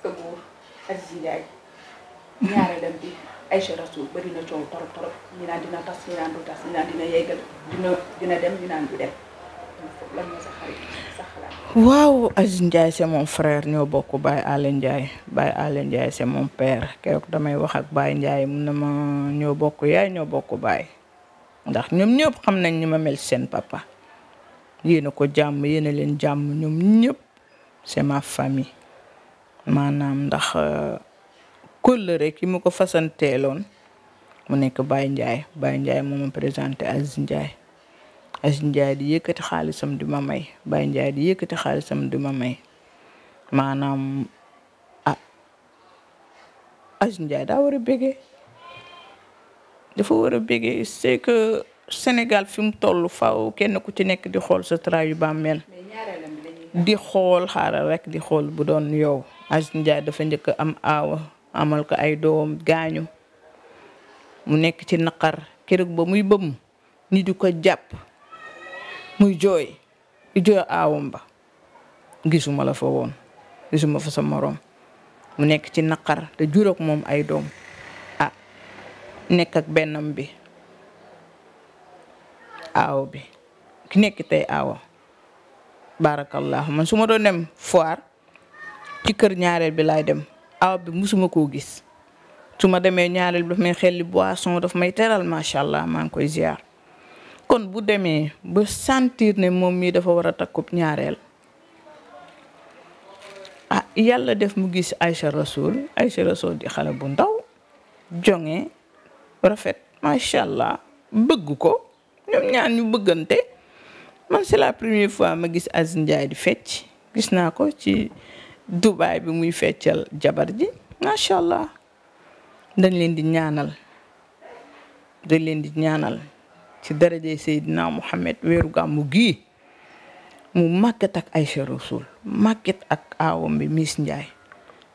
sa góor Aziz Ndiaye ñaareelam bi Aïcha Rasoul waaw Aziz Ndiaye c'est mon frère ñoo bokk Baye Alé Ndiaye Baye Alé Ndiaye c'est mon père keroog damay wax ak njaay Ndiaye mun na ma ñoo bokk yaay ñoo bokk Baye ndax ñoom ñëpp xam nañ ñu ma mel seen papa yéen ko jàmm yéen leen jàmm ñoom ñëpp. c'est ma famille maanaam ndax euh, kóllëre ki mu ko fasanteeloon mu nekk Baye Ndiaye Baye Ndiaye moo ma présenté Aziz Ndiaye Aziz Ndiaye di yëkkati xaalisam di ma may Baye Ndiaye di yëkkati xaalisam di ma may maanaam ah dafa war a bégee c'est que Sénégal fi mu toll faaw kenn ku ci nekk di xool sa tra yu bàmmeel di xool xaaral rek di xool bu doon yow Aziz Ndiaye dafa njëkk am aawa amal ko ay doom gaañu mu nekk ci naqar keroog ba muy bëm ni du ko jàpp muy jooy di jooy aawam ba gisuma la fa woon gisuma fa sa moroom mu nekk ci naqar te juróog moom ay doom ah nekk ak bennam bi aaw bi ki nekk tey aawa baarakallah man su ma doon dem foire ci kër ñaareel bi laay dem aw bi musuma koo gis su ma demee ñaareel bi daf may xelli boisson dafa may teral macha allah maa ngi koy ziar. kon bu demee ba sentir ne moom mii dafa war a takkub ñaareel a ah, yàlla def mu gis Aïcha Rasoul Aïcha Rasoul di xale bu ndaw jonge rafet macha allah bëgg ko ñoom ñaan ñu bëggante. man c'est la première fois ma gis Aziz Ndiaye di fecc gis naa ko ci Dubaay bi muy feccal jabar ji macha allah dañ leen di ñaanal dañ leen di ñaanal ci daraje Seydina Muhammad weeru mu gii mu màgget ak Aïcha Rasoul màgget ak aawam bi mis Ndiaye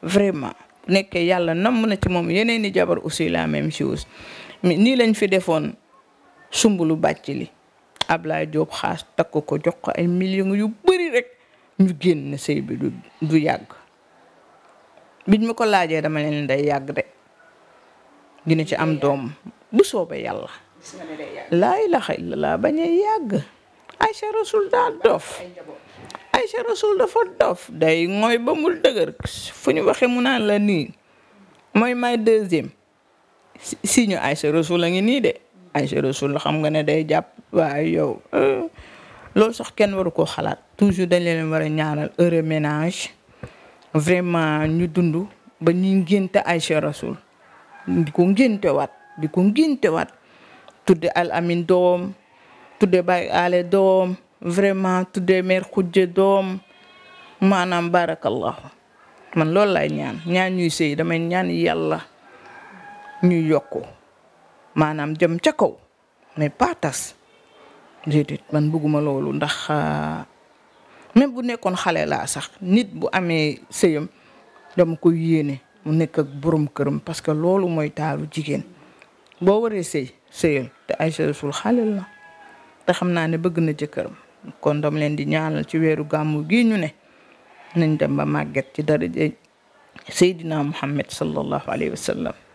vraiment bu nekkee yàlla namm na ci moom yeneen i jabar aussi la même chose nii lañ fi defoon sumbulu bàcc li Ablaye Diop xaas takk ko jox ko ay million yu bari rek ñu génn sëy bi du yàgg biñ ma ko laajee dama leen day yàgg de dina ci am doom bu soobee yàlla laa ilaha illallah bañ a yàgg Aïcha Rasoul dafa dof day mooy ba mu dëgër fu ñu waxee mu naan la nii mooy may deuxième si ñu Aïcha Rasoul a ngi nii de Aïcha Rasoul xam nga ne day jàpp waaye yow eh, loolu sax kenn waru koo xalaat toujours dañ leen war a ñaanal heureux ménage vraiment ñu dund ba ñuy ngénte Aïcha Rasoul di ko ngéntewaat di ko ngéntewaat tudde al amin doom tudde bay ale doom vraiment tudde mère xujje doom maanaam barakallahu man loolu lay ñaan ñaan ñuy sëy damay ñaan yàlla ñuy yokku maanaam jëm ca kaw mais patas tas man bëgguma loolu ndax euh, même bu nekkoon xale laa sax nit bu amee sëyam dama ko yéene mu nekk ak borom këram parce que loolu mooy taalu jigéen boo waree sëy sëyal te Aïcha Rassoul xale la te xam naa ne bëgg na jëkkëram kon dama leen di ñaanal ci weeru gàmmu gii ñu ne nañ dem ba màgget ci daraja Seydina Muhammad sallallahu alayhi wa sallam